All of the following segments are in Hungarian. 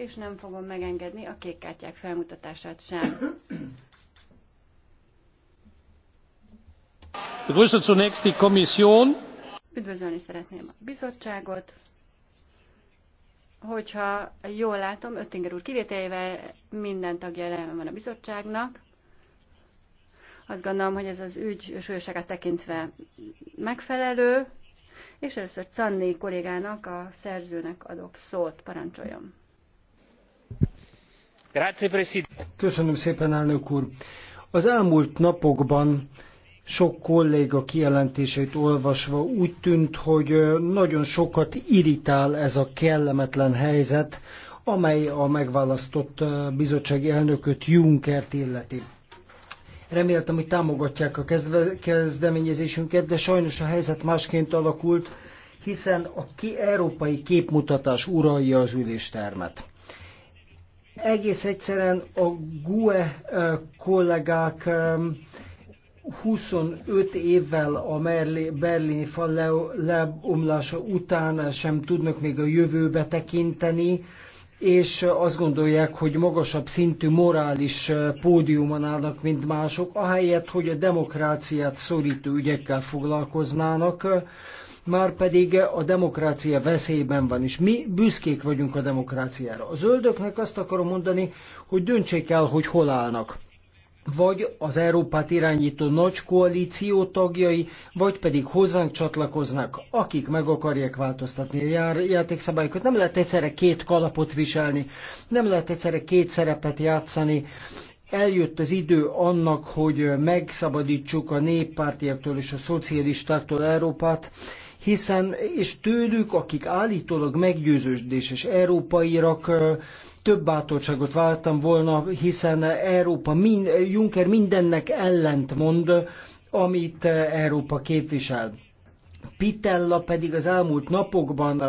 és nem fogom megengedni a kék kártyák felmutatását sem. Üdvözölni szeretném a bizottságot. Hogyha jól látom, Öttinger úr kivételével minden tagja jelen van a bizottságnak. Azt gondolom, hogy ez az ügy súlyosságát tekintve megfelelő, és először Czanni kollégának, a szerzőnek adok szót, parancsoljon. Köszönöm szépen, elnök úr. Az elmúlt napokban sok kolléga kijelentéseit olvasva úgy tűnt, hogy nagyon sokat irritál ez a kellemetlen helyzet, amely a megválasztott bizottsági elnököt Junckert illeti. Reméltem, hogy támogatják a kezdeményezésünket, de sajnos a helyzet másként alakult, hiszen a ki európai képmutatás uralja az üléstermet. Egész egyszerűen a GUE kollégák 25 évvel a berlini fal leomlása után sem tudnak még a jövőbe tekinteni, és azt gondolják, hogy magasabb szintű morális pódiumon állnak, mint mások, ahelyett, hogy a demokráciát szorító ügyekkel foglalkoznának már pedig a demokrácia veszélyben van, és mi büszkék vagyunk a demokráciára. A zöldöknek azt akarom mondani, hogy döntsék el, hogy hol állnak vagy az Európát irányító nagy koalíció tagjai, vagy pedig hozzánk csatlakoznak, akik meg akarják változtatni a játékszabályokat. Nem lehet egyszerre két kalapot viselni, nem lehet egyszerre két szerepet játszani. Eljött az idő annak, hogy megszabadítsuk a néppártiaktól és a szocialistáktól Európát, hiszen és tőlük, akik állítólag meggyőződéses Európaiak több bátorságot váltam volna, hiszen Európa, mind, Juncker mindennek ellent mond, amit Európa képvisel. Pitella pedig az elmúlt napokban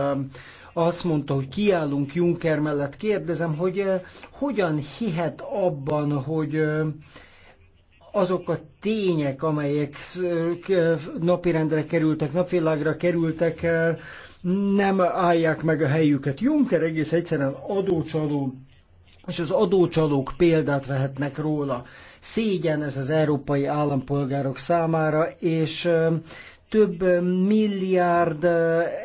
azt mondta, hogy kiállunk Juncker mellett. Kérdezem, hogy hogyan hihet abban, hogy azok a tények, amelyek napirendre kerültek, napvilágra kerültek, nem állják meg a helyüket. Juncker egész egyszerűen adócsaló, és az adócsalók példát vehetnek róla. Szégyen ez az európai állampolgárok számára, és több milliárd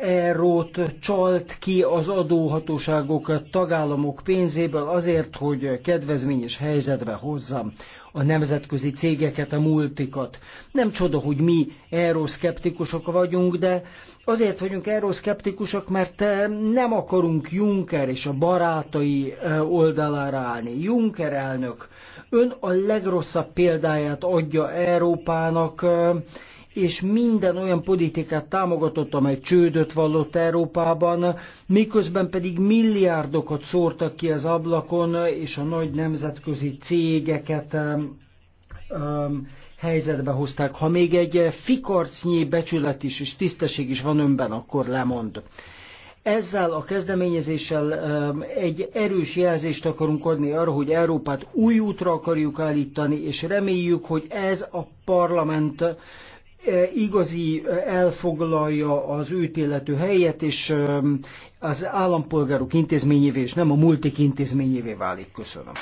eurót csalt ki az adóhatóságok tagállamok pénzéből azért, hogy kedvezményes helyzetbe hozzam a nemzetközi cégeket, a multikat. Nem csoda, hogy mi euroszkeptikusok vagyunk, de azért vagyunk euroszkeptikusok, mert nem akarunk Juncker és a barátai e, oldalára állni. Juncker elnök, ön a legrosszabb példáját adja Európának, e, és minden olyan politikát támogatott, amely csődöt vallott Európában, miközben pedig milliárdokat szórtak ki az ablakon, és a nagy nemzetközi cégeket um, um, helyzetbe hozták. Ha még egy fikarcnyi becsület is és tisztesség is van önben, akkor lemond. Ezzel a kezdeményezéssel egy erős jelzést akarunk adni arra, hogy Európát új útra akarjuk állítani, és reméljük, hogy ez a parlament igazi elfoglalja az őt illető helyet, és az állampolgárok intézményévé, és nem a multik intézményévé válik. Köszönöm.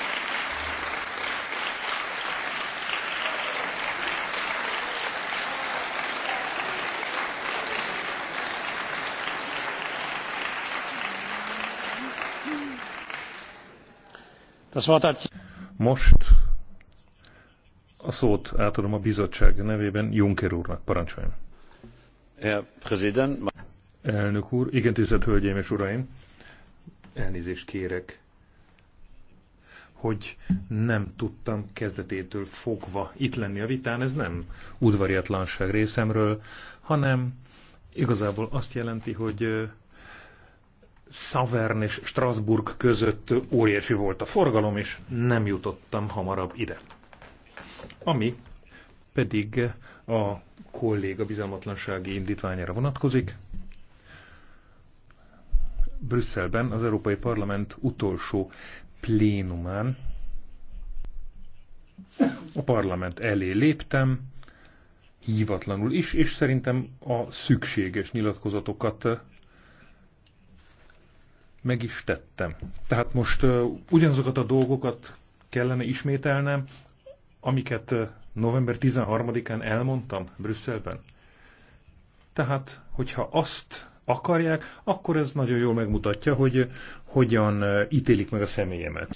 Most a szót átadom a bizottság nevében Juncker úrnak. Parancsoljon. Elnök úr, igen, tisztelt hölgyeim és uraim, elnézést kérek, hogy nem tudtam kezdetétől fogva itt lenni a vitán. Ez nem udvariatlanság részemről, hanem igazából azt jelenti, hogy Savern és Strasbourg között óriási volt a forgalom, és nem jutottam hamarabb ide ami pedig a kolléga bizalmatlansági indítványára vonatkozik. Brüsszelben az Európai Parlament utolsó plénumán a parlament elé léptem, hívatlanul is, és szerintem a szükséges nyilatkozatokat meg is tettem. Tehát most uh, ugyanazokat a dolgokat kellene ismételnem, amiket november 13-án elmondtam Brüsszelben? Tehát, hogyha azt akarják, akkor ez nagyon jól megmutatja, hogy hogyan ítélik meg a személyemet.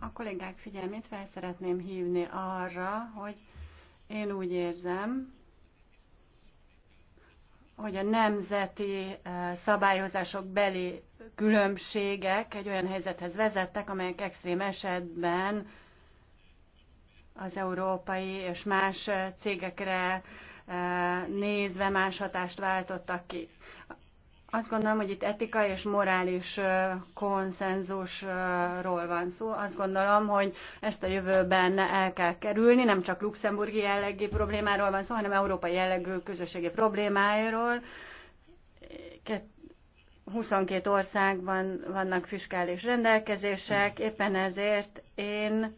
A kollégák figyelmét fel szeretném hívni arra, hogy én úgy érzem, hogy a nemzeti szabályozások beli különbségek egy olyan helyzethez vezettek, amelyek extrém esetben az európai és más cégekre eh, nézve más hatást váltottak ki. Azt gondolom, hogy itt etikai és morális eh, konszenzusról van szó. Azt gondolom, hogy ezt a jövőben el kell kerülni. Nem csak luxemburgi jellegű problémáról van szó, hanem európai jellegű közösségi problémáiról. 22 országban vannak fiskális rendelkezések, éppen ezért én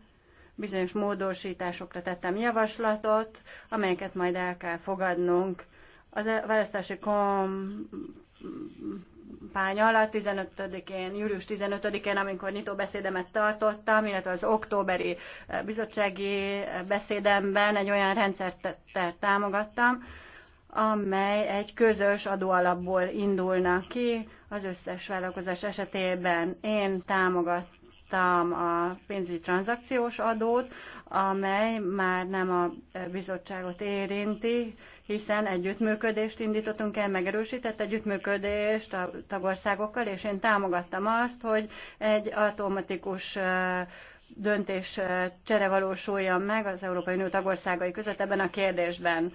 bizonyos módosításokra tettem javaslatot, amelyeket majd el kell fogadnunk. Az e- választási kampány alatt 15-én, július 15-én, amikor nyitó beszédemet tartottam, illetve az októberi e, bizottsági e, beszédemben egy olyan rendszert támogattam, amely egy közös adóalapból indulna ki az összes vállalkozás esetében. Én támogat támogattam a pénzügyi tranzakciós adót, amely már nem a bizottságot érinti, hiszen együttműködést indítottunk el, megerősített együttműködést a tagországokkal, és én támogattam azt, hogy egy automatikus döntés csere valósuljon meg az Európai Unió tagországai között ebben a kérdésben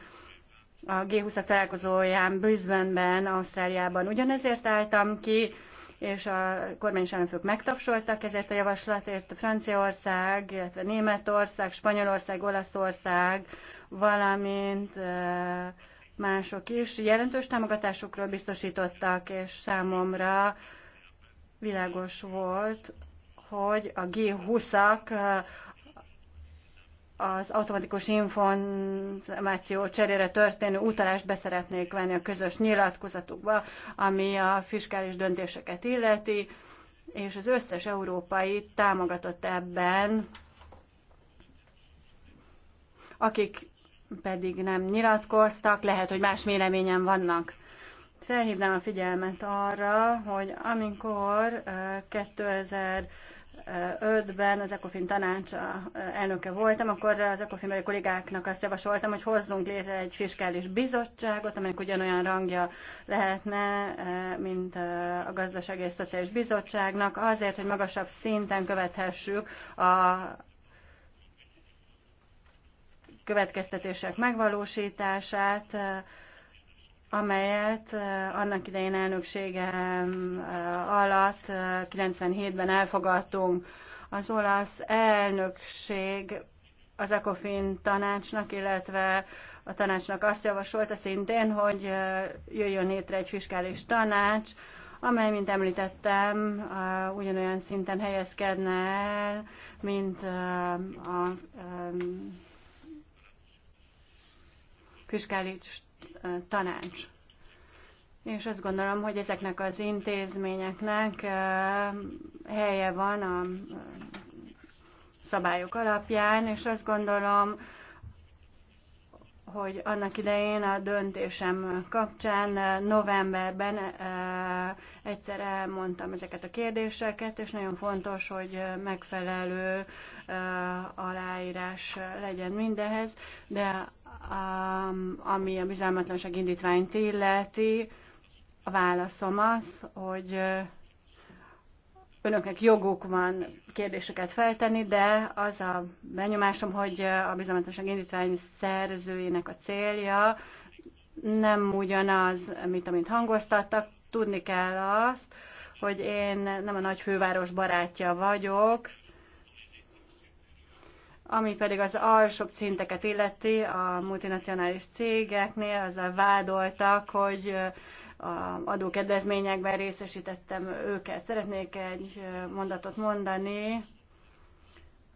a G20 találkozóján Brisbaneben, Ausztráliában. Ugyanezért álltam ki és a kormány és államfők megtapsoltak ezért a javaslatért. Franciaország, illetve Németország, Spanyolország, Olaszország, valamint mások is jelentős támogatásukról biztosítottak, és számomra világos volt, hogy a G20-ak az automatikus információ cserére történő utalást beszeretnék venni a közös nyilatkozatukba, ami a fiskális döntéseket illeti, és az összes európai támogatott ebben, akik pedig nem nyilatkoztak, lehet, hogy más véleményen vannak. Felhívnám a figyelmet arra, hogy amikor 2000 2005-ben az ECOFIN tanács elnöke voltam, akkor az ECOFIN kollégáknak azt javasoltam, hogy hozzunk létre egy fiskális bizottságot, amelynek ugyanolyan rangja lehetne, e, mint e, a Gazdasági és Szociális Bizottságnak, azért, hogy magasabb szinten követhessük a következtetések megvalósítását, e, amelyet eh, annak idején elnökségem eh, alatt 97-ben eh, elfogadtunk. Az olasz elnökség az ECOFIN tanácsnak, illetve a tanácsnak azt javasolta szintén, hogy jöjjön létre egy fiskális tanács, amely, mint említettem, ugyanolyan szinten helyezkedne el, mint a fiskális tanács. És azt gondolom, hogy ezeknek az intézményeknek helye van a szabályok alapján, és azt gondolom, hogy annak idején a döntésem kapcsán novemberben Egyszer elmondtam ezeket a kérdéseket, és nagyon fontos, hogy megfelelő eh, aláírás legyen mindehez, de ami a bizalmatlanság indítványt illeti, a válaszom az, hogy eh, önöknek joguk van kérdéseket feltenni, de az a benyomásom, hogy a bizalmatlanság indítvány szerzőjének a célja nem ugyanaz, mint amit hangoztattak tudni kell azt, hogy én nem a nagy főváros barátja vagyok, ami pedig az alsóbb szinteket illeti, a multinacionális cégeknél azzal vádoltak, hogy a adókedvezményekben részesítettem őket. Szeretnék egy mondatot mondani.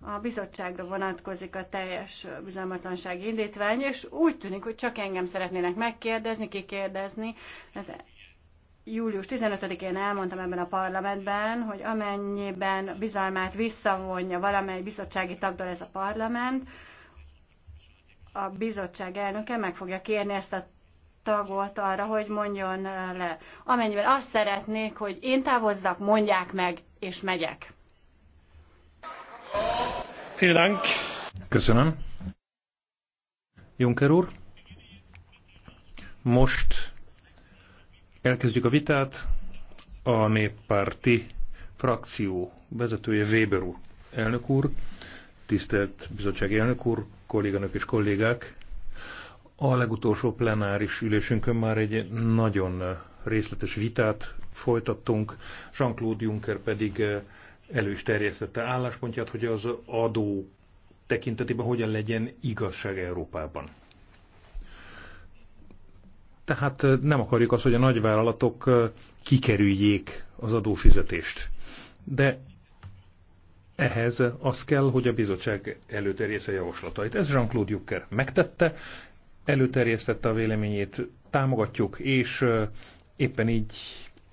A bizottságra vonatkozik a teljes bizalmatlansági indítvány, és úgy tűnik, hogy csak engem szeretnének megkérdezni, kikérdezni. Tehát július 15-én elmondtam ebben a parlamentben, hogy amennyiben bizalmát visszavonja valamely bizottsági tagdal ez a parlament, a bizottság elnöke meg fogja kérni ezt a tagot arra, hogy mondjon eh, le. Amennyiben azt szeretnék, hogy én távozzak, mondják meg, és megyek. Köszönöm. Juncker úr, most Elkezdjük a vitát. A néppárti frakció vezetője Weber úr, elnök úr, tisztelt bizottsági elnök úr, kolléganök és kollégák. A legutolsó plenáris ülésünkön már egy nagyon részletes vitát folytattunk, Jean-Claude Juncker pedig elő is terjesztette álláspontját, hogy az adó tekintetében hogyan legyen igazság Európában. Tehát nem akarjuk azt, hogy a nagyvállalatok kikerüljék az adófizetést. De ehhez az kell, hogy a bizottság előterjesze javaslatait. Ez Jean-Claude Juncker megtette, előterjesztette a véleményét, támogatjuk, és éppen így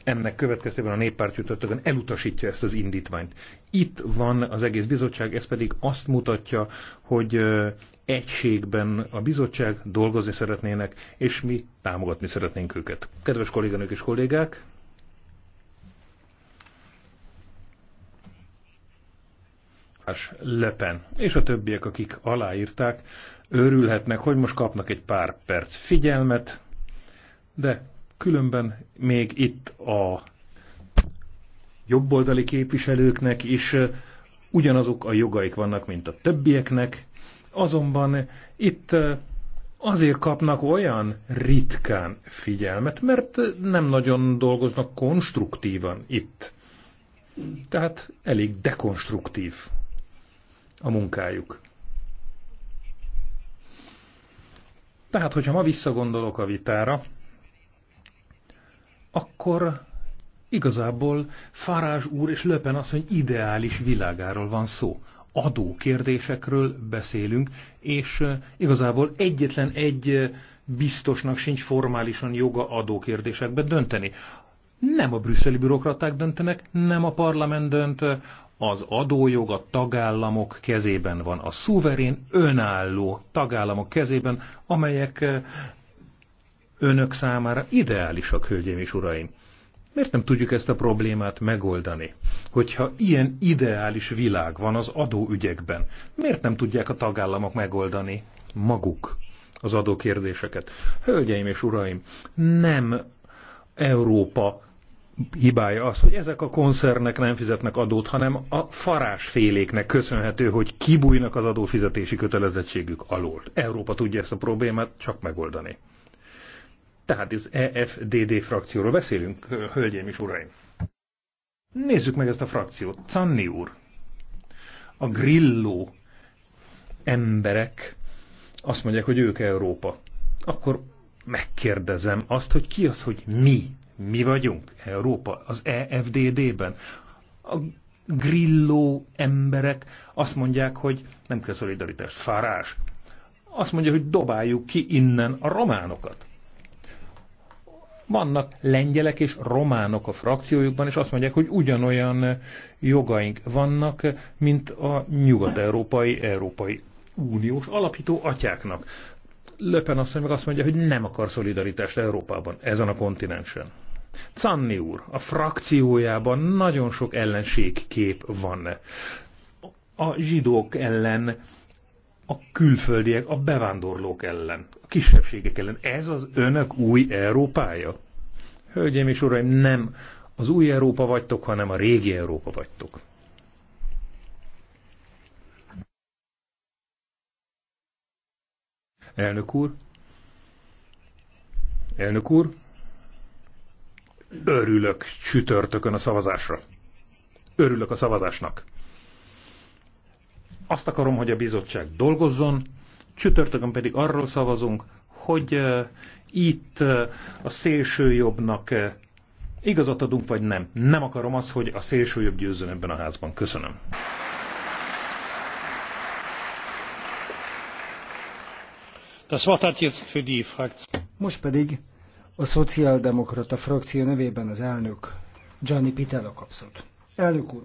ennek következtében a néppárt csütörtökön elutasítja ezt az indítványt. Itt van az egész bizottság, ez pedig azt mutatja, hogy egységben a bizottság dolgozni szeretnének, és mi támogatni szeretnénk őket. Kedves kolléganők és kollégák! Lepen és a többiek, akik aláírták, örülhetnek, hogy most kapnak egy pár perc figyelmet, de Különben még itt a jobboldali képviselőknek is ugyanazok a jogaik vannak, mint a többieknek, azonban itt azért kapnak olyan ritkán figyelmet, mert nem nagyon dolgoznak konstruktívan itt. Tehát elég dekonstruktív a munkájuk. Tehát, hogyha ma visszagondolok a vitára, akkor igazából Farázs úr és Löpen azt, hogy ideális világáról van szó. Adó kérdésekről beszélünk, és igazából egyetlen egy biztosnak sincs formálisan joga adó kérdésekbe dönteni. Nem a brüsszeli bürokraták döntenek, nem a parlament dönt, az adójog a tagállamok kezében van, a szuverén önálló tagállamok kezében, amelyek önök számára ideálisak, hölgyeim és uraim. Miért nem tudjuk ezt a problémát megoldani? Hogyha ilyen ideális világ van az adóügyekben, miért nem tudják a tagállamok megoldani maguk az adókérdéseket? Hölgyeim és uraim, nem Európa hibája az, hogy ezek a koncernek nem fizetnek adót, hanem a farásféléknek köszönhető, hogy kibújnak az adófizetési kötelezettségük alól. Európa tudja ezt a problémát csak megoldani. Tehát az EFDD frakcióról beszélünk, hölgyeim és uraim. Nézzük meg ezt a frakciót. Canni úr, a grilló emberek azt mondják, hogy ők Európa. Akkor megkérdezem azt, hogy ki az, hogy mi? Mi vagyunk Európa az EFDD-ben. A grilló emberek azt mondják, hogy nem kell szolidaritás, fárás. Azt mondja, hogy dobáljuk ki innen a románokat. Vannak lengyelek és románok a frakciójukban, és azt mondják, hogy ugyanolyan eh, jogaink vannak, mint a nyugat-európai, európai uniós alapító atyáknak. Löpen asszony meg azt mondja, hogy nem akar szolidaritást Európában, ezen a kontinensen. Canni úr, a frakciójában nagyon sok ellenségkép van. A zsidók ellen, a külföldiek, a bevándorlók ellen kisebbségek ellen. Ez az önök új Európája? Hölgyeim és uraim, nem az új Európa vagytok, hanem a régi Európa vagytok. Elnök úr? Elnök úr? Örülök csütörtökön a szavazásra. Örülök a szavazásnak. Azt akarom, hogy a bizottság dolgozzon, csütörtökön pedig arról szavazunk, hogy itt a szélső jobbnak igazat adunk, vagy nem. Nem akarom azt, hogy a szélső jobb győzzön ebben a házban. Köszönöm. Most pedig a szociáldemokrata frakció nevében az elnök Gianni Pitella kapszott. Elnök úr,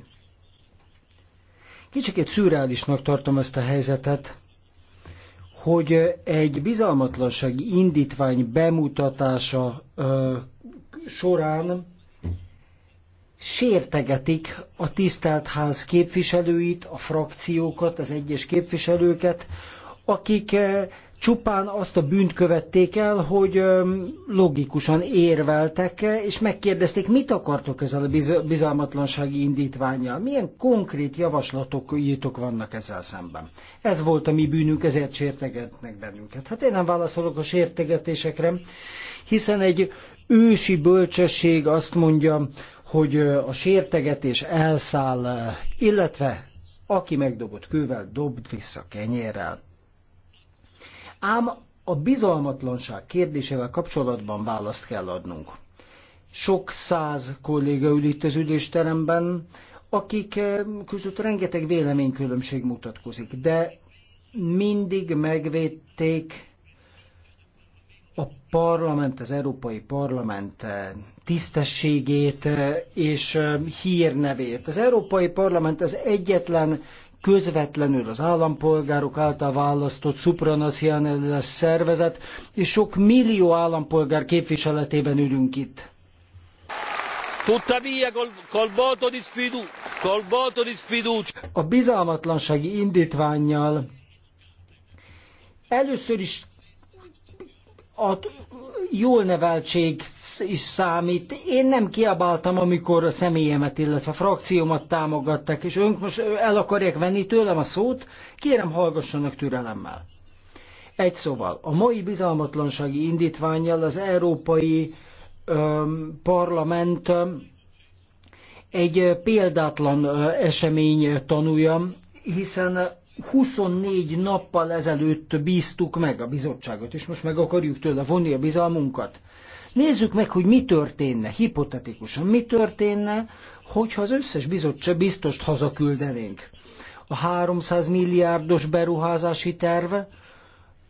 kicsikét szürreálisnak tartom ezt a helyzetet, hogy egy bizalmatlansági indítvány bemutatása ö, során sértegetik a tisztelt ház képviselőit, a frakciókat, az egyes képviselőket, akik Csupán azt a bűnt követték el, hogy logikusan érveltek, eh, és megkérdezték, mit akartok ezzel a bizalmatlansági indítványjal, milyen konkrét javaslatok írtok vannak ezzel szemben. Ez volt a mi bűnünk, ezért sértegetnek bennünket. Hát én nem válaszolok a sértegetésekre, hiszen egy ősi bölcsesség azt mondja, hogy a sértegetés elszáll, eh, illetve aki megdobott kővel, dobd vissza kenyérrel. Ám a bizalmatlanság kérdésével kapcsolatban választ kell adnunk. Sok száz kolléga ül itt az ülésteremben, akik eh, között rengeteg véleménykülönbség mutatkozik, de mindig megvédték a parlament, az Európai Parlament eh, tisztességét eh, és hírnevét. Az Európai Parlament az egyetlen közvetlenül az állampolgárok által választott szupranacionális szervezet, és sok millió állampolgár képviseletében ülünk itt. Tuttavia col, col voto di sfidu, col voto di sfiducia. A bizalmatlansági indítványjal először is a jól neveltség is számít. Én nem kiabáltam, amikor a személyemet, illetve a frakciómat támogattak, és önk most el akarják venni tőlem a szót, kérem hallgassanak türelemmel. Egy szóval, a mai bizalmatlansági indítványjal az Európai öm, Parlament öm, egy példátlan öm, esemény tanulja, hiszen 24 nappal ezelőtt bíztuk meg a bizottságot, és most meg akarjuk tőle vonni a bizalmunkat. Nézzük meg, hogy mi történne, hipotetikusan mi történne, hogyha az összes bizottság biztost hazaküldenénk. A 300 milliárdos beruházási terv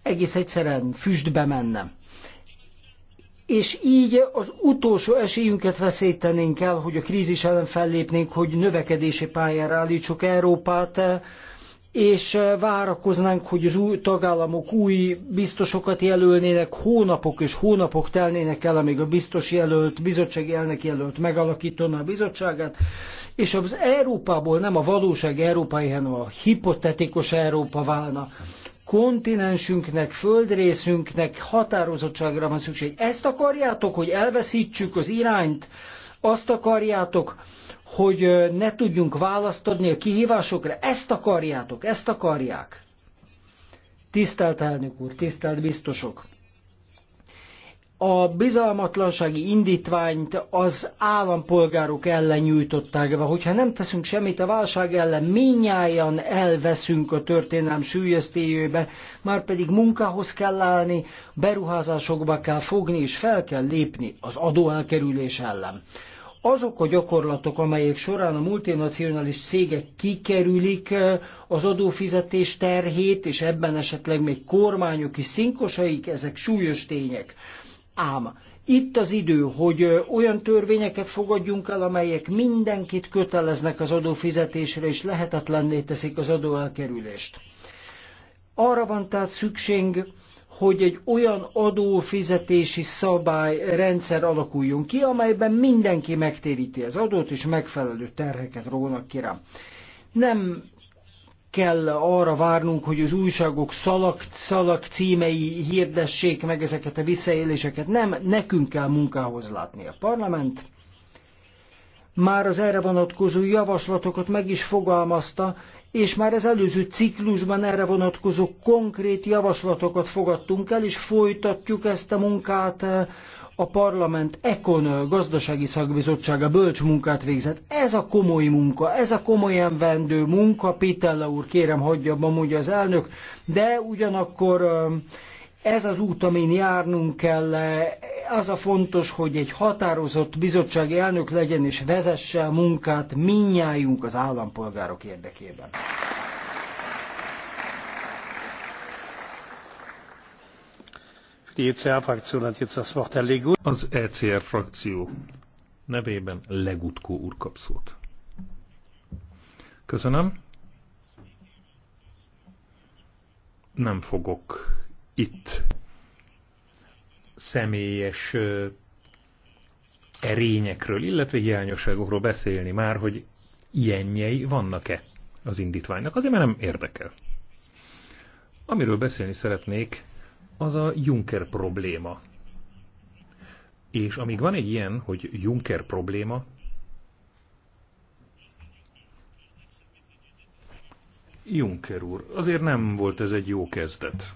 egész egyszerűen füstbe menne. És így az utolsó esélyünket veszélytenénk el, hogy a krízis ellen fellépnénk, hogy növekedési pályára állítsuk Európát, és várakoznánk, hogy az új tagállamok új biztosokat jelölnének, hónapok és hónapok telnének el, amíg a biztos jelölt, bizottsági elnök jelölt megalakítana a bizottságát, és az Európából nem a valóság Európai, hanem a hipotetikus Európa válna. Kontinensünknek, földrészünknek határozottságra van szükség. Ezt akarjátok, hogy elveszítsük az irányt, azt akarjátok, hogy ne tudjunk választ adni a kihívásokra? Ezt akarjátok, ezt akarják. Tisztelt elnök úr, tisztelt biztosok! a bizalmatlansági indítványt az állampolgárok ellen nyújtották be. Hogyha nem teszünk semmit a válság ellen, minnyáján elveszünk a történelm sűjesztéjébe, már pedig munkához kell állni, beruházásokba kell fogni, és fel kell lépni az adóelkerülés ellen. Azok a gyakorlatok, amelyek során a multinacionális cégek kikerülik eh, az adófizetés terhét, és ebben esetleg még kormányok is szinkosaik, ezek súlyos tények. Ám itt az idő, hogy olyan törvényeket fogadjunk el, amelyek mindenkit köteleznek az adófizetésre, és lehetetlenné teszik az adóelkerülést. Arra van tehát szükség, hogy egy olyan adófizetési szabályrendszer alakuljon ki, amelyben mindenki megtéríti az adót, és megfelelő terheket rónak ki rá. Nem kell arra várnunk, hogy az újságok szalak, szalak címei hirdessék meg ezeket a visszaéléseket. Nem, nekünk kell munkához látni a parlament. Már az erre vonatkozó javaslatokat meg is fogalmazta, és már az előző ciklusban erre vonatkozó konkrét javaslatokat fogadtunk el, és folytatjuk ezt a munkát a parlament Econ gazdasági szakbizottsága bölcs munkát végzett. Ez a komoly munka, ez a komolyan vendő munka, Pitella úr kérem hagyja abba, mondja az elnök, de ugyanakkor ez az út, amin járnunk kell, az a fontos, hogy egy határozott bizottsági elnök legyen és vezesse a munkát minnyájunk az állampolgárok érdekében. Az ECR frakció nevében Legutkó úr kap szót. Köszönöm. Nem fogok itt személyes erényekről, illetve hiányosságokról beszélni már, hogy ilyenjei vannak-e az indítványnak, azért mert nem érdekel. Amiről beszélni szeretnék, az a Juncker probléma. És amíg van egy ilyen, hogy Juncker probléma, Juncker úr, azért nem volt ez egy jó kezdet.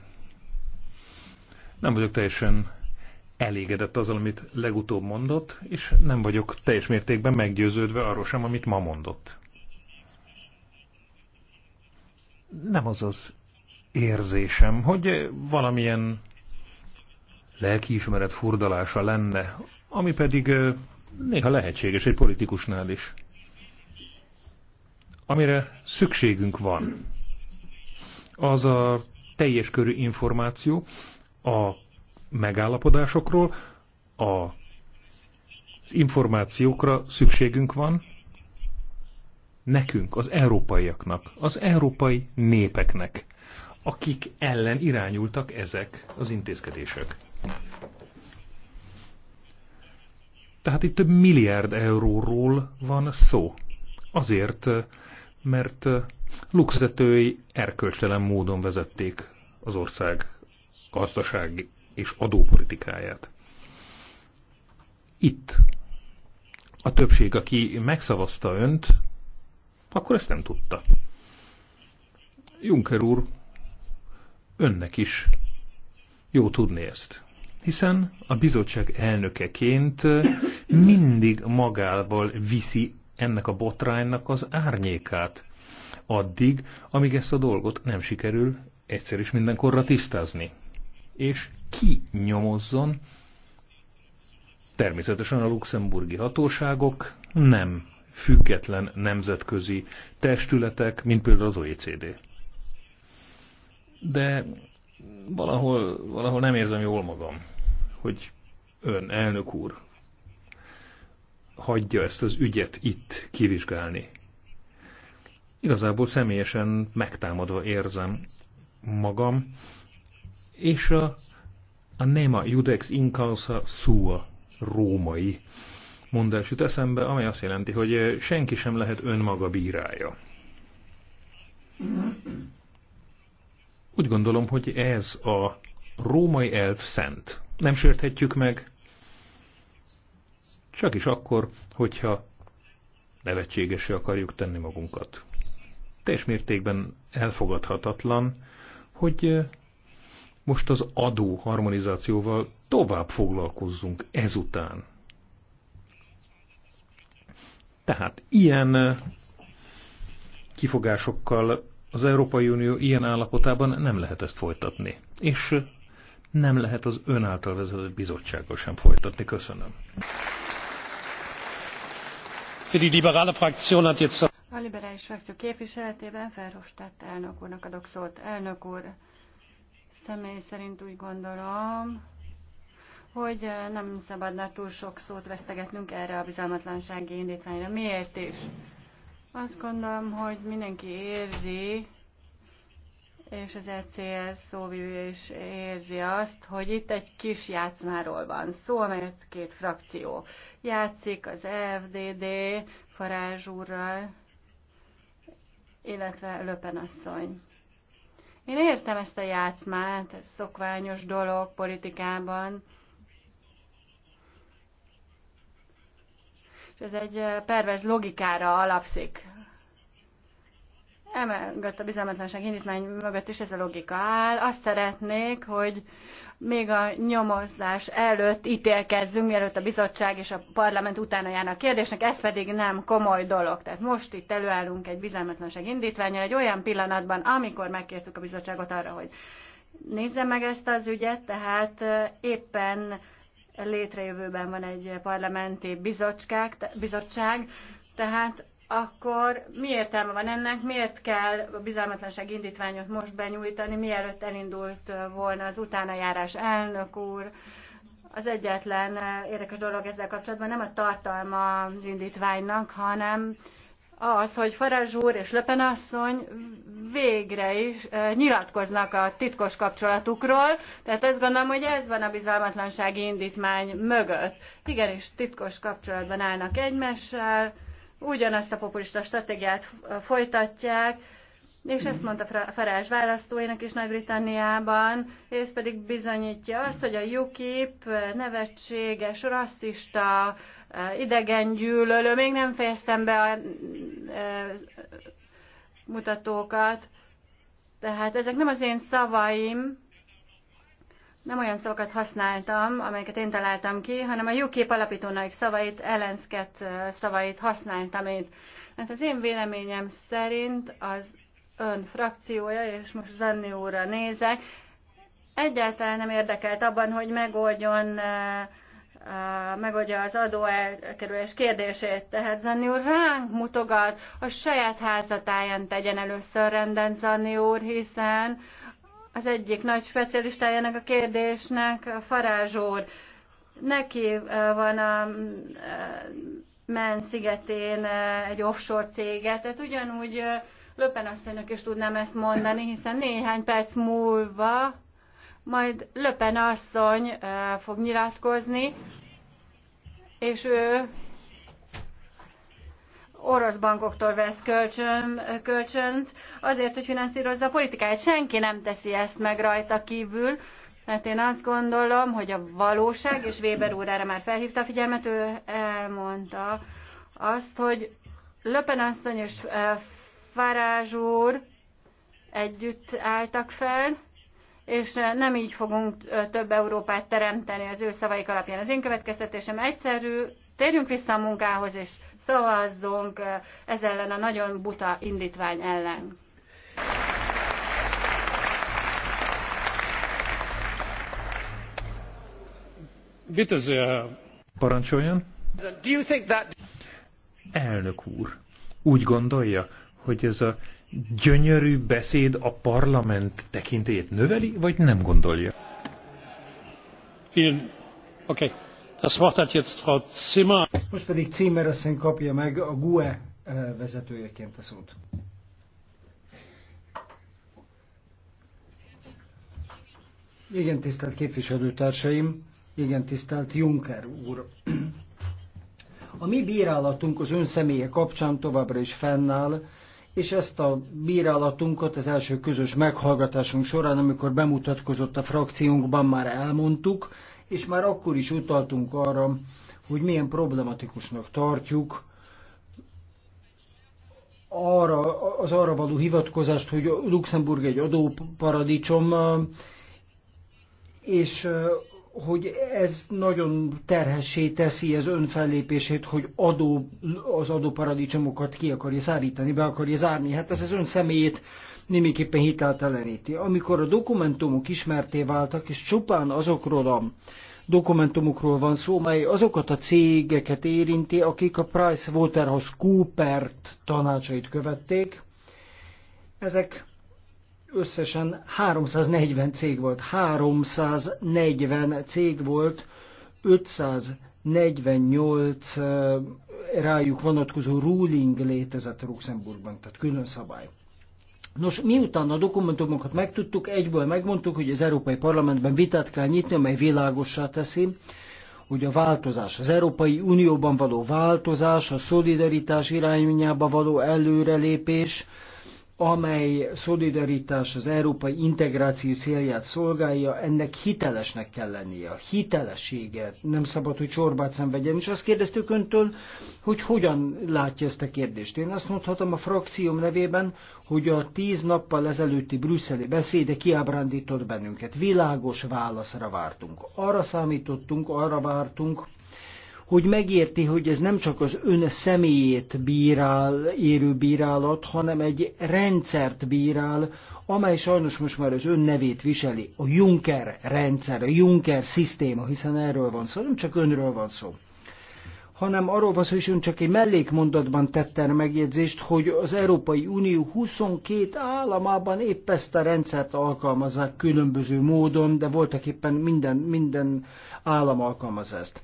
Nem vagyok teljesen elégedett azzal, amit legutóbb mondott, és nem vagyok teljes mértékben meggyőződve arról sem, amit ma mondott. Nem az az érzésem, hogy valamilyen lelkiismeret furdalása lenne, ami pedig néha lehetséges egy politikusnál is. Amire szükségünk van, az a teljes körű információ a megállapodásokról, a, az információkra szükségünk van, nekünk, az európaiaknak, az európai népeknek akik ellen irányultak ezek az intézkedések. Tehát itt több milliárd euróról van szó. Azért, mert eh, luxetői erkölcselen módon vezették az ország gazdasági és adópolitikáját. Itt a többség, aki megszavazta önt, akkor ezt nem tudta. Juncker úr önnek is jó tudni ezt. Hiszen a bizottság elnökeként mindig magával viszi ennek a botránynak az árnyékát, addig, amíg ezt a dolgot nem sikerül egyszer is mindenkorra tisztázni. És ki nyomozzon? Természetesen a luxemburgi hatóságok nem független nemzetközi testületek, mint például az OECD de valahol, valahol nem érzem jól magam, hogy ön, elnök úr, hagyja ezt az ügyet itt kivizsgálni. Igazából személyesen megtámadva érzem magam, és a, a Nema Judex Incausa Sua római mondás jut eszembe, amely azt jelenti, hogy senki sem lehet önmaga bírája. Úgy gondolom, hogy ez a római elv szent. Nem sérthetjük meg, csak is akkor, hogyha nevetségesre akarjuk tenni magunkat. Teljes mértékben elfogadhatatlan, hogy eh, most az adó harmonizációval tovább foglalkozzunk ezután. Tehát ilyen eh, kifogásokkal az Európai Unió ilyen állapotában nem lehet ezt folytatni. És nem lehet az ön által vezetett bizottsággal sem folytatni. Köszönöm. A liberális frakció képviseletében Ferhostett elnök úrnak adok szót. Elnök úr, személy szerint úgy gondolom, hogy eh, nem szabadna túl sok szót vesztegetnünk erre a bizalmatlansági indítványra. Miért is? Azt gondolom, hogy mindenki érzi, és az ECS szóvivő is érzi azt, hogy itt egy kis játszmáról van szó, amelyet két frakció játszik, az e FDD Farázs úrral, illetve Löpen asszony. Én értem ezt a játszmát, ez szokványos dolog politikában, és ez egy pervers logikára alapszik. Emelgött a bizalmatlanság indítmány mögött is ez a logika áll. Azt szeretnék, hogy még a nyomozás előtt ítélkezzünk, mielőtt a bizottság és a parlament utána járna a kérdésnek, ez pedig nem komoly dolog. Tehát most itt előállunk egy bizalmatlanság indítványjal egy olyan pillanatban, amikor megkértük a bizottságot arra, hogy nézze meg ezt az ügyet, tehát éppen létrejövőben van egy parlamenti bizottság, bizottság tehát akkor mi értelme van ennek, miért kell a bizalmatlanság indítványot most benyújtani, mielőtt elindult volna az utánajárás elnök úr. Az egyetlen eh, érdekes dolog ezzel kapcsolatban nem a tartalma az indítványnak, hanem az, hogy Farázs úr és Löpen asszony végre is eh, nyilatkoznak a titkos kapcsolatukról, tehát azt gondolom, hogy ez van a bizalmatlansági indítmány mögött. Igenis, titkos kapcsolatban állnak egymással, ugyanazt a populista stratégiát folytatják, és ezt mondta Farázs választóinak is Nagy-Britanniában, és pedig bizonyítja azt, hogy a UKIP nevetséges, rasszista, idegen gyűlölő, még nem fejeztem be a e, mutatókat, tehát ezek nem az én szavaim, nem olyan szavakat használtam, amelyeket én találtam ki, hanem a UKIP alapítónaik szavait, ellenszket e, szavait használtam én. Mert hát az én véleményem szerint az ön frakciója, és most Zanni úrra nézek, egyáltalán nem érdekelt abban, hogy megoldjon uh, megoldja az adóelkerülés kérdését. Tehát Zanni úr ránk mutogat, a saját házatáján tegyen először rendet Zanni úr, hiszen az egyik nagy specialistájának a kérdésnek, Farázs úr, neki van a Men szigetén egy offshore céget, tehát ugyanúgy Löpen asszonynak is tudnám ezt mondani, hiszen néhány perc múlva majd Löpen asszony fog nyilatkozni, és ő orosz bankoktól vesz kölcsön, kölcsönt azért, hogy finanszírozza a politikáját. Senki nem teszi ezt meg rajta kívül. Mert hát én azt gondolom, hogy a valóság, és Weber úr erre már felhívta a figyelmet, ő elmondta azt, hogy Löpen asszony és Farázs úr együtt álltak fel, és eh, nem így fogunk eh, több Európát teremteni az ő szavaik alapján. Az én következtetésem egyszerű, térjünk vissza a munkához, és szavazzunk eh, ez ellen a nagyon buta indítvány ellen. Parancsoljon. Elnök úr, úgy gondolja, hogy ez a gyönyörű beszéd a parlament tekintélyét növeli, vagy nem gondolja? Oké. Das Wort hat jetzt Frau Zimmer. Most pedig Zimmer asszony kapja meg a GUE eh, vezetőjeként a szót. Igen, tisztelt képviselőtársaim, igen, tisztelt Juncker úr. A mi bírálatunk az személye kapcsán továbbra is fennáll, és ezt a bírálatunkat az első közös meghallgatásunk során, amikor bemutatkozott a frakciónkban, már elmondtuk, és már akkor is utaltunk arra, hogy milyen problematikusnak tartjuk arra, az arra való hivatkozást, hogy Luxemburg egy adóparadicsom, és hogy ez nagyon terhessé teszi az önfellépését, hogy adó, az adóparadicsomokat ki akarja szárítani, be akarja zárni. Hát ez az ön személyét némiképpen hitelteleníti. Amikor a dokumentumok ismerté váltak, és csupán azokról a dokumentumokról van szó, mely azokat a cégeket érinti, akik a Price Waterhouse Coopert tanácsait követték, ezek összesen 340 cég volt. 340 cég volt, 548 rájuk vonatkozó ruling létezett Luxemburgban, tehát külön szabály. Nos, miután a dokumentumokat megtudtuk, egyből megmondtuk, hogy az Európai Parlamentben vitát kell nyitni, amely világossá teszi, hogy a változás, az Európai Unióban való változás, a szolidaritás irányába való előrelépés, amely szolidaritás az európai integráció célját szolgálja, ennek hitelesnek kell lennie. A hitelessége. nem szabad, hogy csorbát szenvedjen. És azt kérdeztük öntől, hogy hogyan látja ezt a kérdést. Én azt mondhatom a frakcióm nevében, hogy a tíz nappal ezelőtti brüsszeli beszéde kiábrándított bennünket. Világos válaszra vártunk. Arra számítottunk, arra vártunk, hogy megérti, hogy ez nem csak az ön személyét bírál, érő bírálat, hanem egy rendszert bírál, amely sajnos most már az ön nevét viseli, a Juncker rendszer, a Juncker szisztéma, hiszen erről van szó, nem csak önről van szó hanem arról van szó, ön csak egy mellékmondatban tette megjegyzést, hogy az Európai Unió 22 államában épp ezt a rendszert alkalmazzák különböző módon, de voltak éppen minden, minden állam alkalmaz ezt.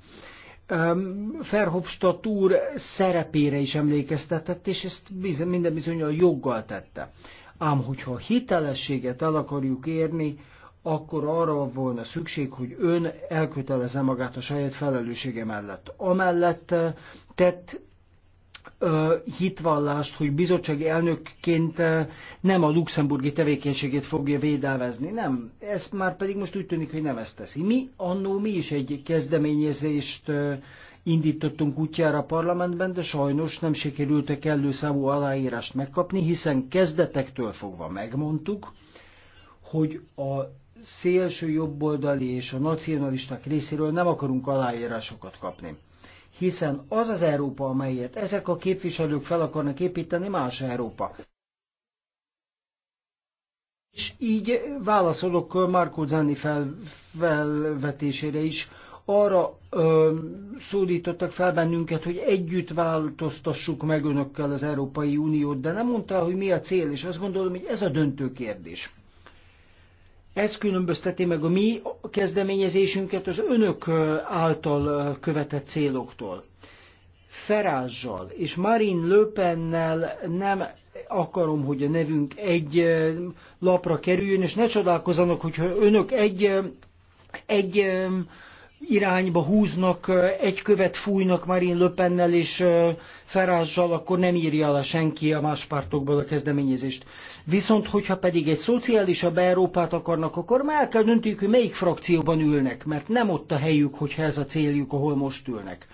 Ferhofstadt úr szerepére is emlékeztetett, és ezt minden bizony a joggal tette. Ám hogyha hitelességet el akarjuk érni, akkor arra volna szükség, hogy ön elkötelezze magát a saját felelőssége mellett. Amellett tett hitvallást, hogy bizottsági elnökként nem a luxemburgi tevékenységét fogja védelmezni. Nem, ezt már pedig most úgy tűnik, hogy nem ezt teszi. Mi annó mi is egy kezdeményezést indítottunk útjára a parlamentben, de sajnos nem sikerült a kellő számú aláírást megkapni, hiszen kezdetektől fogva megmondtuk, hogy a szélső jobboldali és a nacionalisták részéről nem akarunk aláírásokat kapni hiszen az az Európa, amelyet ezek a képviselők fel akarnak építeni, más Európa. És így válaszolok Marco Zani fel, felvetésére is. Arra ö, szólítottak fel bennünket, hogy együtt változtassuk meg önökkel az Európai Uniót, de nem mondta, hogy mi a cél, és azt gondolom, hogy ez a döntő kérdés. Ez különbözteti meg a mi kezdeményezésünket az önök által követett céloktól. Ferázsal és Marine Le Pennel nem akarom, hogy a nevünk egy lapra kerüljön, és ne csodálkozzanak, hogyha önök egy, egy irányba húznak, egy követ fújnak Marine Le Pennel és Ferázsal, akkor nem írja le senki a más pártokból a kezdeményezést. Viszont, hogyha pedig egy szociálisabb Európát akarnak, akkor már el kell döntjük, hogy melyik frakcióban ülnek, mert nem ott a helyük, hogyha ez a céljuk, ahol most ülnek.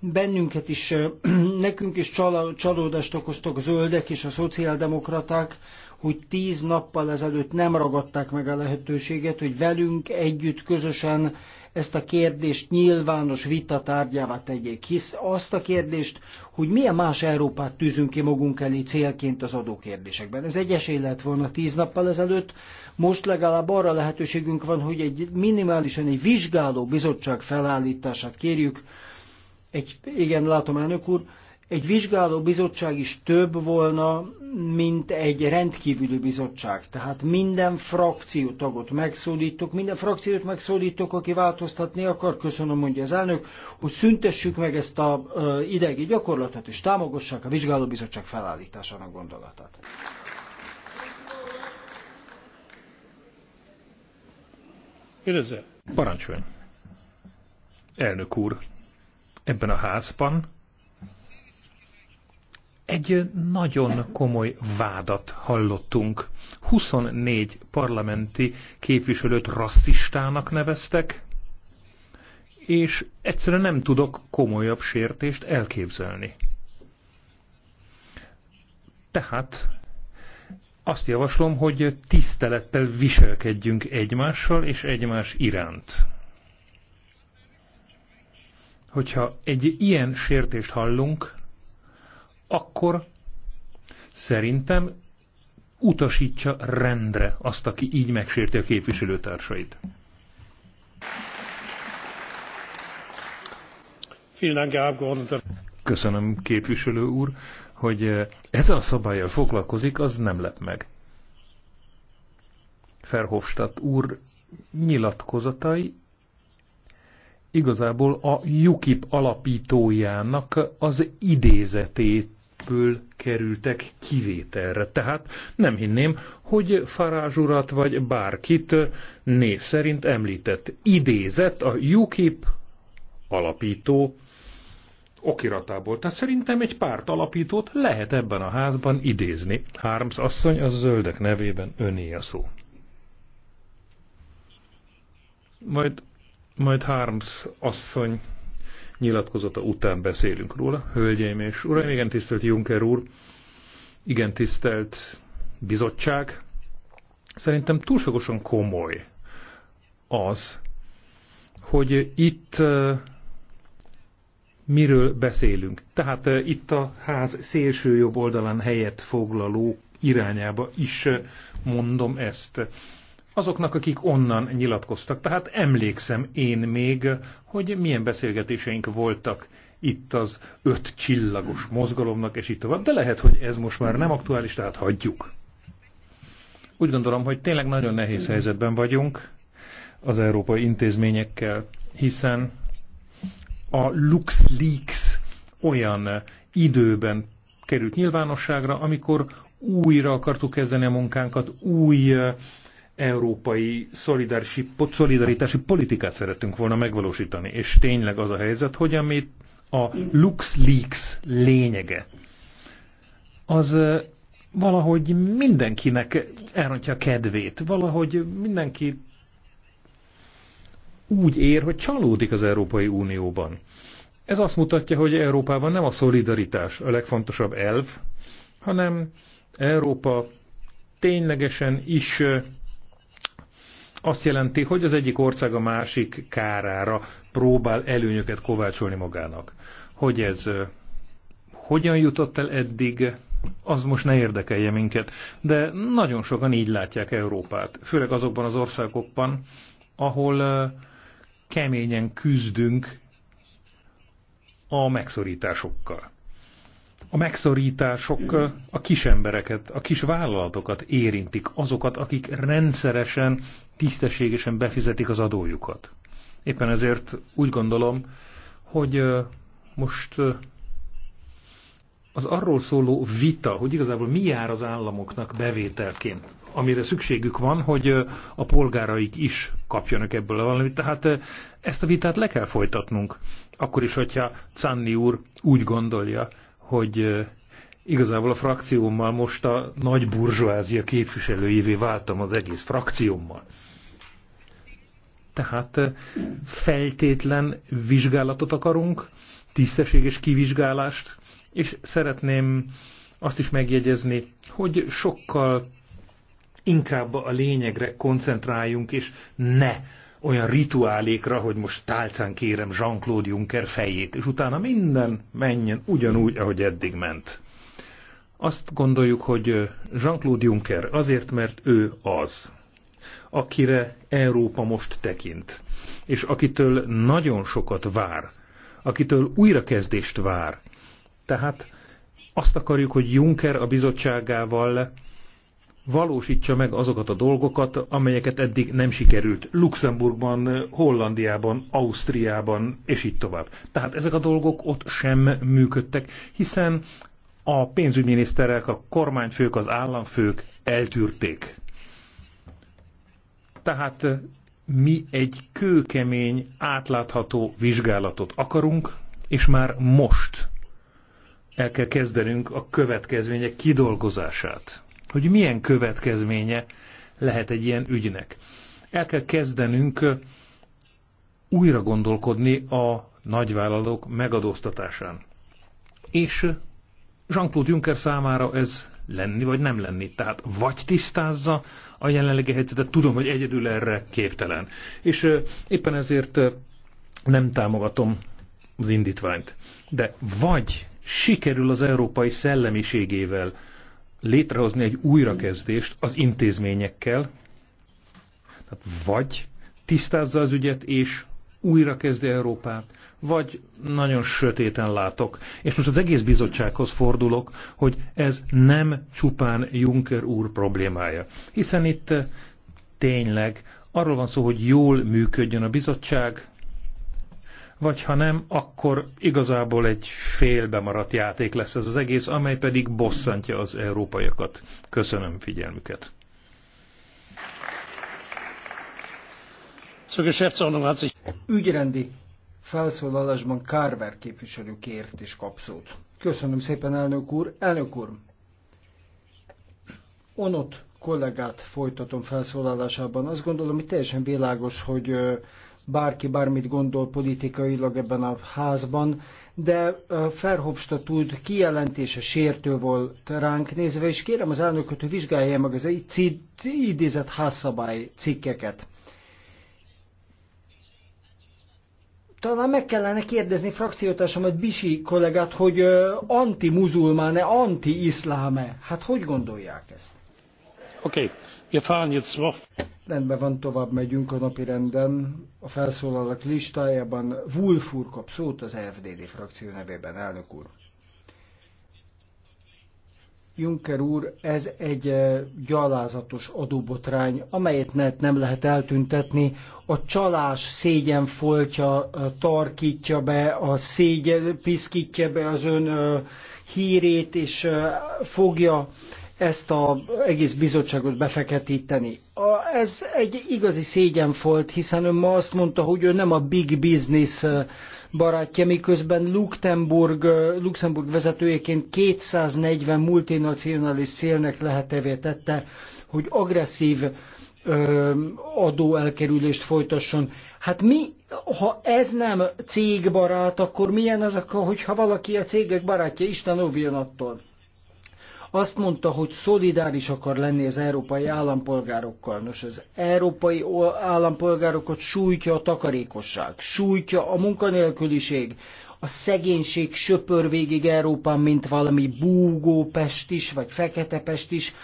Bennünket is, nekünk is csalódást okoztak zöldek és a szociáldemokraták, hogy tíz nappal ezelőtt nem ragadták meg a lehetőséget, hogy velünk együtt közösen ezt a kérdést nyilvános vita tárgyává tegyék, hisz azt a kérdést, hogy milyen más Európát tűzünk ki magunk elé célként az adókérdésekben. Ez egy esély lett volna tíz nappal ezelőtt, most legalább arra lehetőségünk van, hogy egy minimálisan egy vizsgáló bizottság felállítását kérjük, egy, igen, látom elnök úr, egy vizsgáló bizottság is több volna, mint egy rendkívüli bizottság. Tehát minden frakció tagot megszólítok, minden frakciót megszólítok, aki változtatni akar, köszönöm, mondja az elnök, hogy szüntessük meg ezt a idegi gyakorlatot, és támogassák a vizsgáló bizottság felállításának gondolatát. Kérdezze. Parancsoljon. Elnök úr, ebben a házban egy nagyon komoly vádat hallottunk. 24 parlamenti képviselőt rasszistának neveztek, és egyszerűen nem tudok komolyabb sértést elképzelni. Tehát azt javaslom, hogy tisztelettel viselkedjünk egymással és egymás iránt. Hogyha egy ilyen sértést hallunk, akkor szerintem utasítsa rendre azt, aki így megsérti a képviselőtársait. Köszönöm, képviselő úr, hogy eh, ezzel a szabályjal foglalkozik, az nem lep meg. Ferhofstadt úr nyilatkozatai igazából a UKIP alapítójának az idézetét ebből kerültek kivételre. Tehát nem hinném, hogy Farázs urat vagy bárkit név szerint említett. Idézett a UKIP alapító okiratából. Tehát szerintem egy párt alapítót lehet ebben a házban idézni. Harms asszony a zöldek nevében öné a szó. Majd, majd Harms asszony nyilatkozata után beszélünk róla. Hölgyeim és uraim, igen tisztelt Juncker úr, igen tisztelt bizottság, szerintem túlságosan komoly az, hogy itt miről beszélünk. Tehát itt a ház szélső jobb oldalán helyet foglaló irányába is mondom ezt azoknak, akik onnan nyilatkoztak. Tehát emlékszem én még, hogy milyen beszélgetéseink voltak itt az öt csillagos mozgalomnak, és itt tovább. De lehet, hogy ez most már nem aktuális, tehát hagyjuk. Úgy gondolom, hogy tényleg nagyon nehéz helyzetben vagyunk az európai intézményekkel, hiszen a LuxLeaks olyan időben került nyilvánosságra, amikor újra akartuk kezdeni a munkánkat, új európai szolidaritási politikát szerettünk volna megvalósítani. És tényleg az a helyzet, hogy amit a LuxLeaks lényege, az valahogy mindenkinek elrontja a kedvét, valahogy mindenki úgy ér, hogy csalódik az Európai Unióban. Ez azt mutatja, hogy Európában nem a szolidaritás a legfontosabb elv, hanem Európa ténylegesen is azt jelenti, hogy az egyik ország a másik kárára próbál előnyöket kovácsolni magának. Hogy ez hogyan jutott el eddig, az most ne érdekelje minket, de nagyon sokan így látják Európát, főleg azokban az országokban, ahol keményen küzdünk a megszorításokkal a megszorítások a kis embereket, a kis vállalatokat érintik, azokat, akik rendszeresen, tisztességesen befizetik az adójukat. Éppen ezért úgy gondolom, hogy most az arról szóló vita, hogy igazából mi jár az államoknak bevételként, amire szükségük van, hogy a polgáraik is kapjanak ebből valamit. Tehát ezt a vitát le kell folytatnunk. Akkor is, hogyha Czanni úr úgy gondolja, hogy igazából a frakciómmal most a nagy burzsóázia képviselőjévé váltam az egész frakciómmal. Tehát feltétlen vizsgálatot akarunk, tisztességes kivizsgálást, és szeretném azt is megjegyezni, hogy sokkal inkább a lényegre koncentráljunk, és ne olyan rituálékra, hogy most tálcán kérem Jean-Claude Juncker fejét, és utána minden menjen ugyanúgy, ahogy eddig ment. Azt gondoljuk, hogy Jean-Claude Juncker azért, mert ő az, akire Európa most tekint, és akitől nagyon sokat vár, akitől újrakezdést vár. Tehát azt akarjuk, hogy Juncker a bizottságával valósítsa meg azokat a dolgokat, amelyeket eddig nem sikerült. Luxemburgban, Hollandiában, Ausztriában, és így tovább. Tehát ezek a dolgok ott sem működtek, hiszen a pénzügyminiszterek, a kormányfők, az államfők eltűrték. Tehát mi egy kőkemény, átlátható vizsgálatot akarunk, és már most el kell kezdenünk a következmények kidolgozását hogy milyen következménye lehet egy ilyen ügynek. El kell kezdenünk újra gondolkodni a nagyvállalók megadóztatásán. És Jean-Claude Juncker számára ez lenni vagy nem lenni. Tehát vagy tisztázza a jelenlegi helyzetet, tudom, hogy egyedül erre képtelen. És éppen ezért nem támogatom az indítványt. De vagy sikerül az európai szellemiségével létrehozni egy újrakezdést az intézményekkel, tehát vagy tisztázza az ügyet és újrakezdi Európát, vagy nagyon sötéten látok. És most az egész bizottsághoz fordulok, hogy ez nem csupán Juncker úr problémája. Hiszen itt eh, tényleg arról van szó, hogy jól működjön a bizottság, vagy ha nem, akkor igazából egy maradt játék lesz ez az egész, amely pedig bosszantja az európaiakat. Köszönöm figyelmüket. Ügyrendi felszólalásban Kárver képviselő kért és kap szót. Köszönöm szépen, elnök úr. Elnök úr, onot kollégát folytatom felszólalásában. Azt gondolom, hogy teljesen világos, hogy bárki bármit gondol politikailag ebben a házban, de Ferhofstadt úr kijelentése sértő volt ránk nézve, és kérem az elnököt, hogy vizsgálja meg az idézett házszabály cikkeket. talán meg kellene kérdezni frakciótársamat, Bisi kollégát, hogy anti-muzulmáne, anti-iszláme. Hát hogy gondolják ezt? Oké, okay. wir fahren jetzt noch. Rendben van, tovább megyünk a napi renden. A felszólalak listájában Wulf úr kap szót az FDD frakció nevében, elnök úr. Juncker úr, ez egy eh, gyalázatos adóbotrány, amelyet nem lehet eltüntetni. A csalás szégyen foltja, eh, tarkítja be, a szégyen piszkítja be az ön eh, hírét, és fogja ezt az egész bizottságot befeketíteni. Ez egy igazi szégyen volt, hiszen ő ma azt mondta, hogy ő nem a big business barátja, miközben Luxemburg, Luxemburg vezetőjeként 240 multinacionális célnek lehetővé tette, hogy agresszív adóelkerülést folytasson. Hát mi, ha ez nem cégbarát, akkor milyen az, hogyha valaki a cégek barátja, Isten óvjon attól. Azt mondta, hogy szolidáris akar lenni az európai állampolgárokkal. Nos, az európai állampolgárokat sújtja a takarékosság, sújtja a munkanélküliség, a szegénység söpör végig Európán, mint valami búgó pest is, vagy fekete pest is,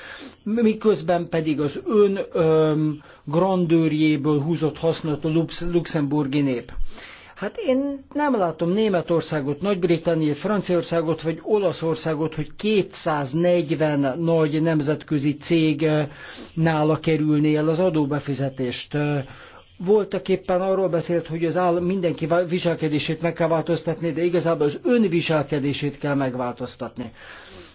miközben pedig az ön öm, grandőrjéből húzott hasznot a luxemburgi nép. Hát én nem látom Németországot, Nagy-Britanniát, Franciaországot vagy Olaszországot, hogy 240 nagy nemzetközi cég eh, nála kerülné el az adóbefizetést. Eh, voltak éppen arról beszélt, hogy az állam mindenki viselkedését meg kell változtatni, de igazából az önviselkedését kell megváltoztatni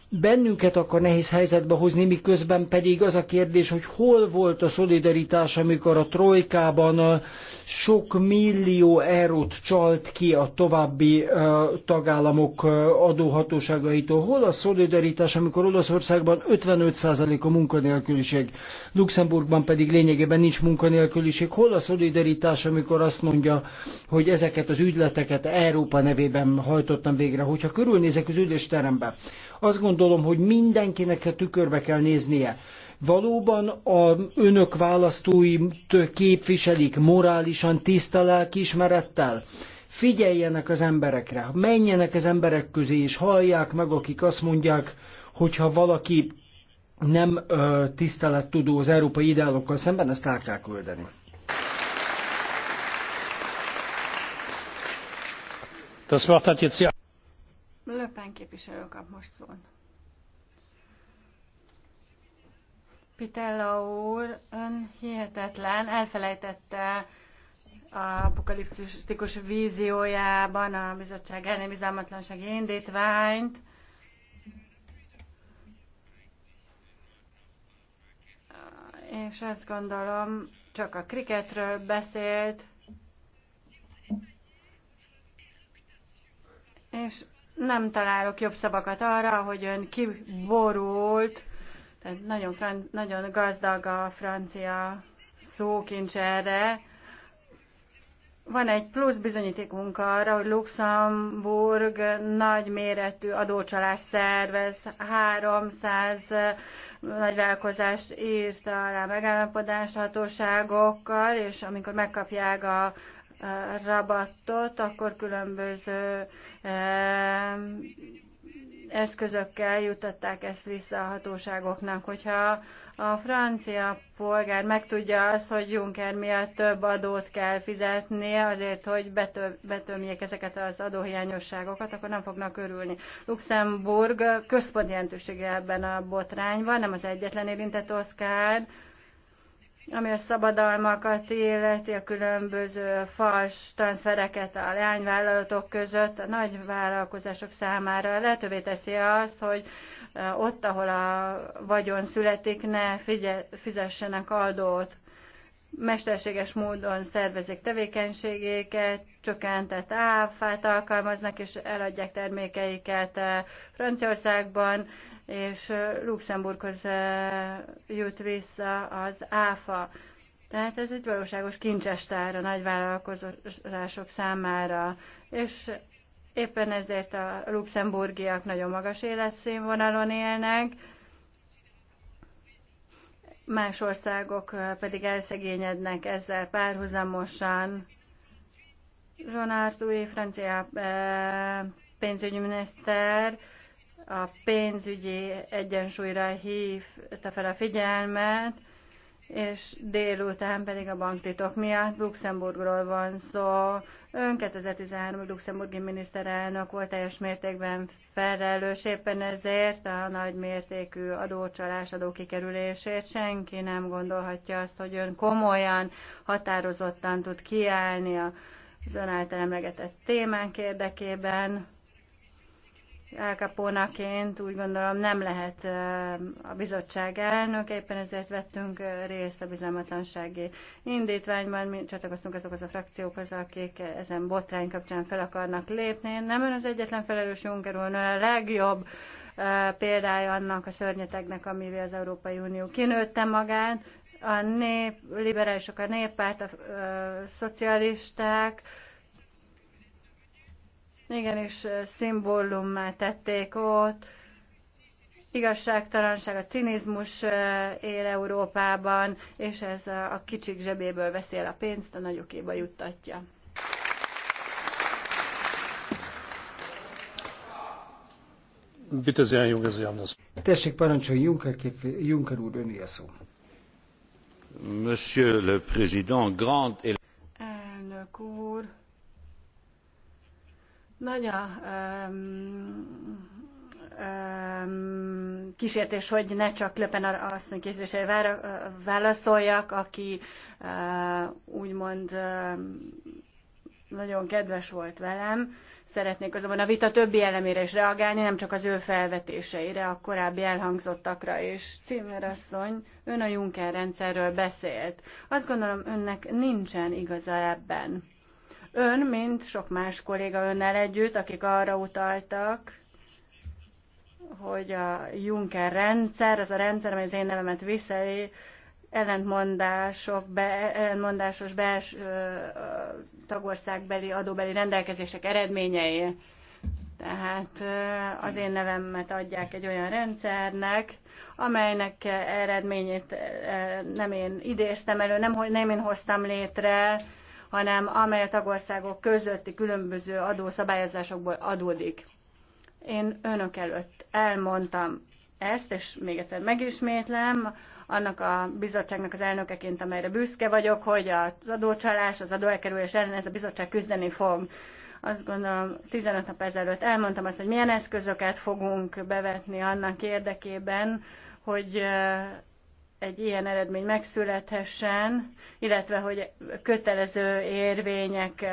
bennünket akar nehéz helyzetbe hozni, miközben pedig az a kérdés, hogy hol volt a szolidaritás, amikor a trojkában uh, sok millió eurót csalt ki a további uh, tagállamok uh, adóhatóságaitól. Hol a szolidaritás, amikor Olaszországban 55% a munkanélküliség, Luxemburgban pedig lényegében nincs munkanélküliség. Hol a szolidaritás, amikor azt mondja, hogy ezeket az ügyleteket Európa nevében hajtottam végre. Hogyha körülnézek az terembe? Azt gondolom, hogy mindenkinek a tükörbe kell néznie. Valóban a önök választóit képviselik morálisan tiszta lelkiismerettel? Figyeljenek az emberekre, menjenek az emberek közé, és hallják meg, akik azt mondják, hogyha valaki nem ö, tisztelettudó az európai ideálokkal szemben, ezt el kell küldeni. Das Wort hat jetzt Löpen képviselő kap most szót. Pitella úr, ön hihetetlen, elfelejtette a apokalipszistikus víziójában a bizottság elném bizalmatlansági indítványt. És azt gondolom, csak a kriketről beszélt, és nem találok jobb szavakat arra, hogy ön kiborult, tehát nagyon, nagyon gazdag a francia szókincs erre. Van egy plusz bizonyítékunk arra, hogy Luxemburg nagy méretű adócsalás szervez, 300 vállalkozást írt alá megállapodás hatóságokkal, és amikor megkapják a rabattot, akkor különböző eh, eszközökkel jutották ezt vissza a hatóságoknak. Hogyha a francia polgár megtudja azt, hogy Juncker miatt több adót kell fizetnie azért, hogy betö- betömjék ezeket az adóhiányosságokat, akkor nem fognak örülni. Luxemburg központi jelentősége ebben a botrányban, nem az egyetlen érintett oszkár, ami a szabadalmakat illeti, a különböző fals transfereket a leányvállalatok között, a nagy vállalkozások számára lehetővé teszi azt, hogy eh, ott, ahol a vagyon születik, ne figye, fizessenek adót mesterséges módon szervezik tevékenységéket, csökkentett áfát alkalmaznak, és eladják termékeiket eh, Franciaországban, és eh, Luxemburghoz eh, jut vissza az áfa. Tehát ez egy valóságos kincsestár a nagyvállalkozások számára, és éppen ezért a luxemburgiak nagyon magas életszínvonalon élnek, más országok pedig elszegényednek ezzel párhuzamosan. Jean Arthuis, francia pénzügyminiszter, a pénzügyi egyensúlyra hívta fel a figyelmet, és délután pedig a banktitok miatt Luxemburgról van szó, Ön 2013 luxemburgi miniszterelnök volt teljes mértékben felelős éppen ezért a mértékű adócsalás, adókikerülésért. Senki nem gondolhatja azt, hogy ön komolyan, határozottan tud kiállni az ön által emlegetett témánk érdekében elkapónaként úgy gondolom nem lehet a bizottság elnök, éppen ezért vettünk részt a bizalmatlansági indítványban, mi csatlakoztunk azokhoz a frakciókhoz, akik ezen botrány kapcsán fel akarnak lépni. Nem ön az egyetlen felelős Juncker úr, a legjobb példája annak a szörnyeteknek, amivel az Európai Unió kinőtte magát, a nép, liberálisok, a néppárt, a, a, a szocialisták, igen, és szimbólummá tették ott. Igazságtalanság, a cinizmus él Európában, és ez a kicsik zsebéből veszi el a pénzt, a nagyokéba juttatja. Tessék, parancsolj, Juncker, Juncker úr, öné a szó. Monsieur le Président, grand... Elnök úr, nagy a um, um, kísértés, hogy ne csak Löpen asszony kérdésére válaszoljak, aki uh, úgymond uh, nagyon kedves volt velem. Szeretnék azonban a vita többi elemére is reagálni, nem csak az ő felvetéseire, a korábbi elhangzottakra is. Címer asszony, ön a Juncker rendszerről beszélt. Azt gondolom, önnek nincsen igaza ebben Ön, mint sok más kolléga önnel együtt, akik arra utaltak, hogy a Juncker rendszer, az a rendszer, amely az én nevemet viseli, ellentmondások, be, ellentmondásos belső tagországbeli adóbeli rendelkezések eredményei. Tehát az én nevemet adják egy olyan rendszernek, amelynek eredményét nem én idéztem elő, nem, nem én hoztam létre, hanem amely a tagországok közötti különböző adószabályozásokból adódik. Én önök előtt elmondtam ezt, és még egyszer megismétlem, annak a bizottságnak az elnökeként, amelyre büszke vagyok, hogy az adócsalás, az adóelkerülés ellen ez a bizottság küzdeni fog. Azt gondolom, 15 nap ezelőtt elmondtam azt, hogy milyen eszközöket fogunk bevetni annak érdekében, hogy egy ilyen eredmény megszülethessen, illetve hogy kötelező érvények,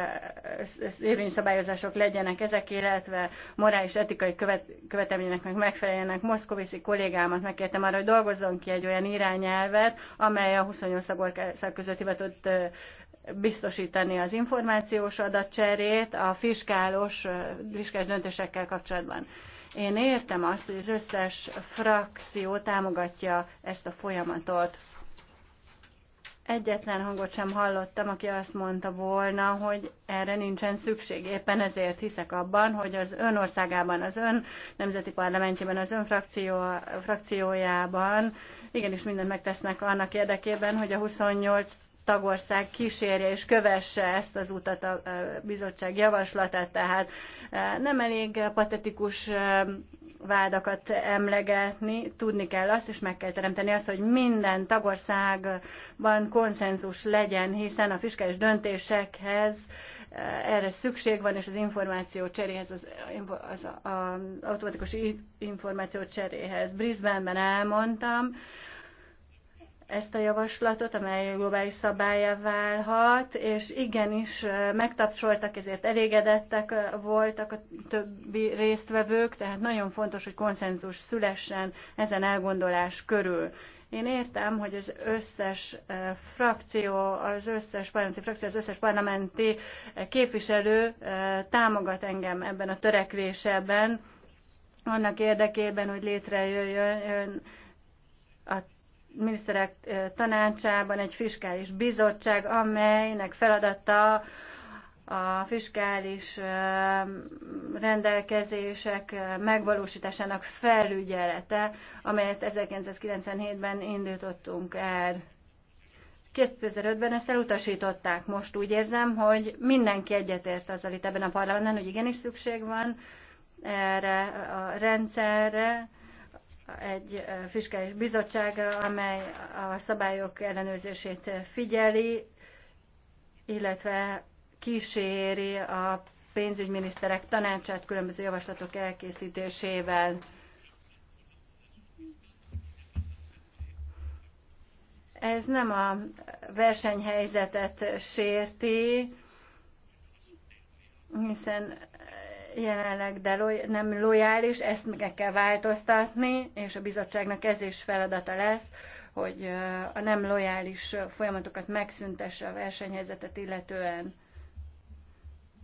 érvényszabályozások legyenek ezek, illetve morális etikai követ, követelményeknek megfeleljenek. Moszkoviszi kollégámat megkértem arra, hogy dolgozzon ki egy olyan irányelvet, amely a 28 ország között hivatott biztosítani az információs adatcserét a fiskálos, fiskás döntésekkel kapcsolatban. Én értem azt, hogy az összes frakció támogatja ezt a folyamatot. Egyetlen hangot sem hallottam, aki azt mondta volna, hogy erre nincsen szükség. Éppen ezért hiszek abban, hogy az ön országában, az ön nemzeti parlamentjében, az ön frakció, frakciójában igenis mindent megtesznek annak érdekében, hogy a 28 tagország kísérje és kövesse ezt az utat a bizottság javaslatát, tehát e, nem elég patetikus e, vádakat emlegetni, tudni kell azt, és meg kell teremteni azt, hogy minden tagországban konszenzus legyen, hiszen a fiskális döntésekhez e, erre szükség van, és az információ cseréhez, az, az, az automatikus információ cseréhez. Brisbaneben elmondtam, ezt a javaslatot, amely globális szabálya válhat, és igenis megtapsoltak, ezért elégedettek voltak a többi résztvevők, tehát nagyon fontos, hogy konszenzus szülessen ezen elgondolás körül. Én értem, hogy az összes frakció, az összes parlamenti frakció, az összes parlamenti képviselő támogat engem ebben a törekvésében, annak érdekében, hogy létrejöjjön a miniszterek tanácsában egy fiskális bizottság, amelynek feladata a fiskális rendelkezések megvalósításának felügyelete, amelyet 1997-ben indítottunk el. 2005-ben ezt elutasították. Most úgy érzem, hogy mindenki egyetért azzal itt ebben a parlamentben, hogy igenis szükség van erre a rendszerre, egy fiskális bizottságra, amely a szabályok ellenőrzését figyeli, illetve kíséri a pénzügyminiszterek tanácsát különböző javaslatok elkészítésével. Ez nem a versenyhelyzetet sérti, hiszen jelenleg de loj- nem lojális, ezt meg kell változtatni, és a bizottságnak ez is feladata lesz, hogy a nem lojális folyamatokat megszüntesse a versenyhelyzetet illetően.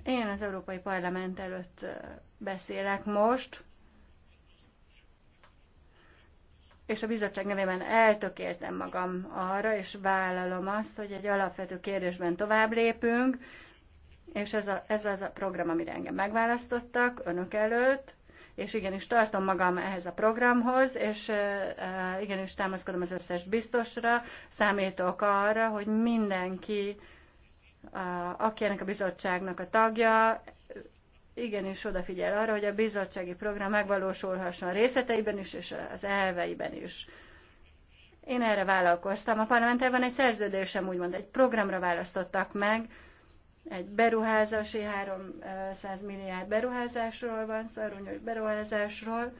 Én az Európai Parlament előtt beszélek most, és a bizottság nevében eltökéltem magam arra, és vállalom azt, hogy egy alapvető kérdésben tovább lépünk, és ez, a, ez az a program, amire engem megválasztottak önök előtt, és igenis tartom magam ehhez a programhoz, és igenis támaszkodom az összes biztosra, számítok arra, hogy mindenki, aki ennek a bizottságnak a tagja, igenis odafigyel arra, hogy a bizottsági program megvalósulhasson a részleteiben is, és az elveiben is. Én erre vállalkoztam. A parlamentel van egy szerződésem, úgymond egy programra választottak meg, egy beruházási 300 milliárd beruházásról van szó, szóval beruházásról,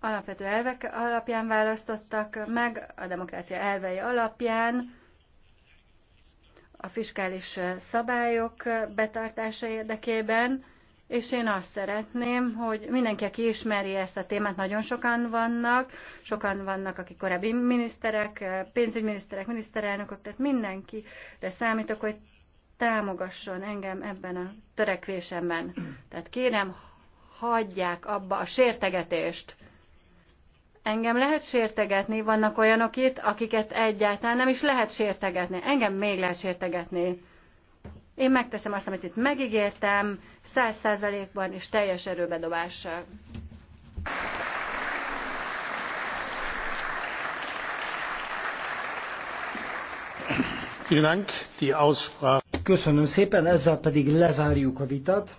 alapvető elvek alapján választottak meg, a demokrácia elvei alapján, a fiskális szabályok betartása érdekében, és én azt szeretném, hogy mindenki, aki ismeri ezt a témát, nagyon sokan vannak, sokan vannak, akik korábbi miniszterek, pénzügyminiszterek, miniszterelnökök, tehát mindenki, de számítok, hogy támogasson engem ebben a törekvésemben. Tehát kérem, hagyják abba a sértegetést. Engem lehet sértegetni, vannak olyanok itt, akiket egyáltalán nem is lehet sértegetni. Engem még lehet sértegetni én megteszem azt, amit itt megígértem, száz százalékban és teljes erőbedobással. Köszönöm szépen, ezzel pedig lezárjuk a vitát.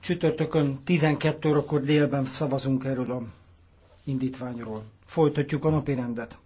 Csütörtökön 12 órakor délben szavazunk erről a indítványról. Folytatjuk a napi rendet.